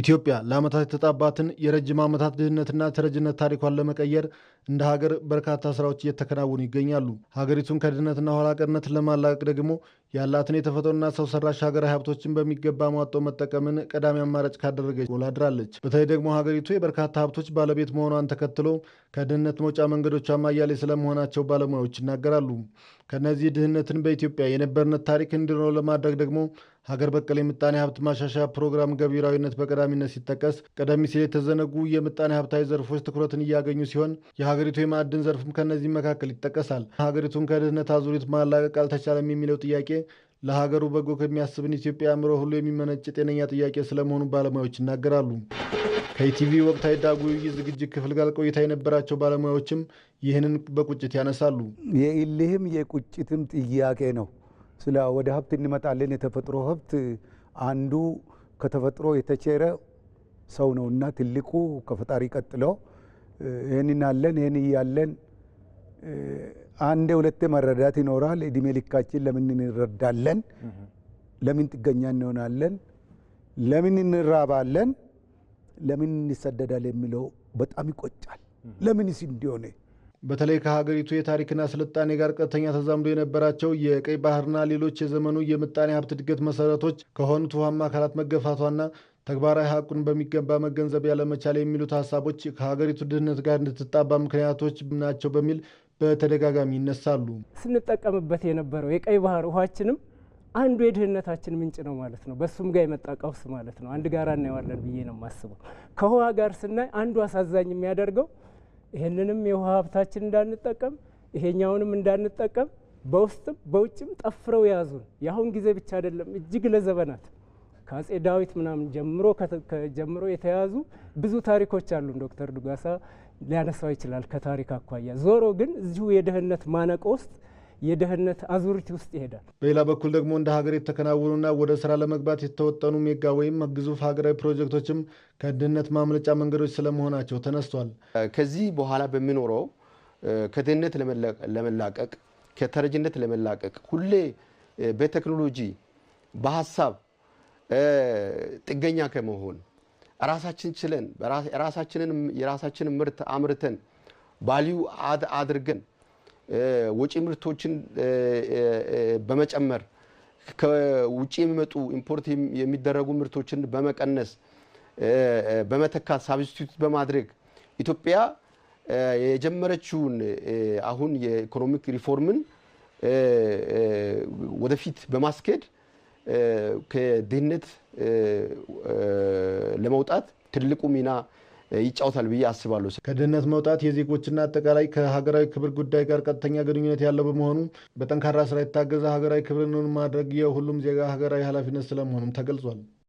ኢትዮጵያ ለዓመታት የተጣባትን የረጅም ዓመታት ድህነትና ተረጅነት ታሪኳን ለመቀየር እንደ ሀገር በርካታ ስራዎች እየተከናወኑ ይገኛሉ። ሀገሪቱን ከድህነትና ኋላ ቀርነት ለማላቀቅ ደግሞ ያላትን የተፈጥሮና ሰው ሰራሽ ሀገራዊ ሀብቶችን በሚገባ ሟጦ መጠቀምን ቀዳሚ አማራጭ ካደረገች ጎላ አድራለች። በተለይ ደግሞ ሀገሪቱ የበርካታ ሀብቶች ባለቤት መሆኗን ተከትሎ ከድህነት መውጫ መንገዶቿም አያሌ ስለመሆናቸው ባለሙያዎች ይናገራሉ። ከነዚህ ድህነትን በኢትዮጵያ የነበርነት ታሪክ እንዲኖር ለማድረግ ደግሞ ሀገር በቀል የምጣኔ ሀብት ማሻሻያ ፕሮግራም ገቢራዊነት በቀዳሚነት ሲጠቀስ ቀደም ሲል የተዘነጉ የምጣኔ ሀብታዊ ዘርፎች ትኩረትን እያገኙ ሲሆን የሀገሪቱ የማዕድን ዘርፍም ከእነዚህ መካከል ይጠቀሳል። ሀገሪቱን ከድህነት አዙሪት ማላቀቅ አልተቻለም የሚለው ጥያቄ ለሀገሩ በጎ ከሚያስብን ኢትዮጵያ አእምሮ ሁሉ የሚመነጭ ጤነኛ ጥያቄ ስለመሆኑ ባለሙያዎች ይናገራሉ። ከኢቲቪ ወቅታዊ ዳጉ ውይይት ዝግጅት ክፍል ጋር ቆይታ የነበራቸው ባለሙያዎችም ይህንን በቁጭት ያነሳሉ። የኢልህም የቁጭትም ጥያቄ ነው። ስለ ወደ ሀብት እንመጣለን። የተፈጥሮ ሀብት አንዱ ከተፈጥሮ የተቸረ ሰው ነውና ትልቁ ከፈጣሪ ቀጥሎ ይህንን አለን ይህን እያለን አንዴ ሁለቴ መረዳት ይኖራል። እድሜ ልካችን ለምን እንረዳለን? ለምን ጥገኛ እንሆናለን? ለምን እንራባለን? ለምን እንሰደዳል? የሚለው በጣም ይቆጫል። ለምንስ እንዲሆነ በተለይ ከሀገሪቱ የታሪክና ስልጣኔ ጋር ቀጥተኛ ተዛምዶ የነበራቸው የቀይ ባህርና ሌሎች የዘመኑ የምጣኔ ሀብት እድገት መሰረቶች ከሆኑት ውሃማ አካላት መገፋቷና ተግባራዊ ሀቁን በሚገባ መገንዘብ ያለመቻል የሚሉት ሀሳቦች ከሀገሪቱ ድህነት ጋር እንድትጣባ ምክንያቶች ናቸው በሚል በተደጋጋሚ ይነሳሉ። ስንጠቀምበት የነበረው የቀይ ባህር ውሃችንም አንዱ የድህነታችን ምንጭ ነው ማለት ነው። በሱም ጋር የመጣ ቀውስ ማለት ነው። አንድ ጋራ እናየዋለን ብዬ ነው የማስበው። ከውሃ ጋር ስናይ አንዱ አሳዛኝ የሚያደርገው ይህንንም የውሃ ሀብታችን እንዳንጠቀም ይሄኛውንም እንዳንጠቀም በውስጥም በውጭም ጠፍረው የያዙን የአሁን ጊዜ ብቻ አይደለም፣ እጅግ ለዘበናት ከአጼ ዳዊት ምናምን ጀምሮ ከጀምሮ የተያዙ ብዙ ታሪኮች አሉን። ዶክተር ዱጋሳ ሊያነሳው ይችላል ከታሪክ አኳያ። ዞሮ ግን እዚሁ የደህንነት ማነቆ ውስጥ የደህንነት አዙሪት ውስጥ ይሄዳል። በሌላ በኩል ደግሞ እንደ ሀገር የተከናወኑና ወደ ስራ ለመግባት የተወጠኑ ሜጋ ወይም ግዙፍ ሀገራዊ ፕሮጀክቶችም ከድህነት ማምለጫ መንገዶች ስለመሆናቸው ተነስቷል። ከዚህ በኋላ በሚኖረው ከድህነት ለመላቀቅ ከተረጅነት ለመላቀቅ ሁሌ በቴክኖሎጂ በሀሳብ ጥገኛ ከመሆን ራሳችን ችለን የራሳችንን ምርት አምርተን ቫሊዩ አድርገን ወጪ ምርቶችን በመጨመር ከውጭ የሚመጡ ኢምፖርት የሚደረጉ ምርቶችን በመቀነስ በመተካት ሳብስቲቱት በማድረግ ኢትዮጵያ የጀመረችውን አሁን የኢኮኖሚክ ሪፎርምን ወደፊት በማስኬድ ከድህነት ለመውጣት ትልቁ ሚና ይጫውታል ብዬ አስባለሁ። ከድህነት መውጣት የዜጎችና አጠቃላይ ከሀገራዊ ክብር ጉዳይ ጋር ቀጥተኛ ግንኙነት ያለው በመሆኑ በጠንካራ ስራ የታገዘ ሀገራዊ ክብርን ማድረግ የሁሉም ዜጋ ሀገራዊ ኃላፊነት ስለመሆኑም ተገልጿል።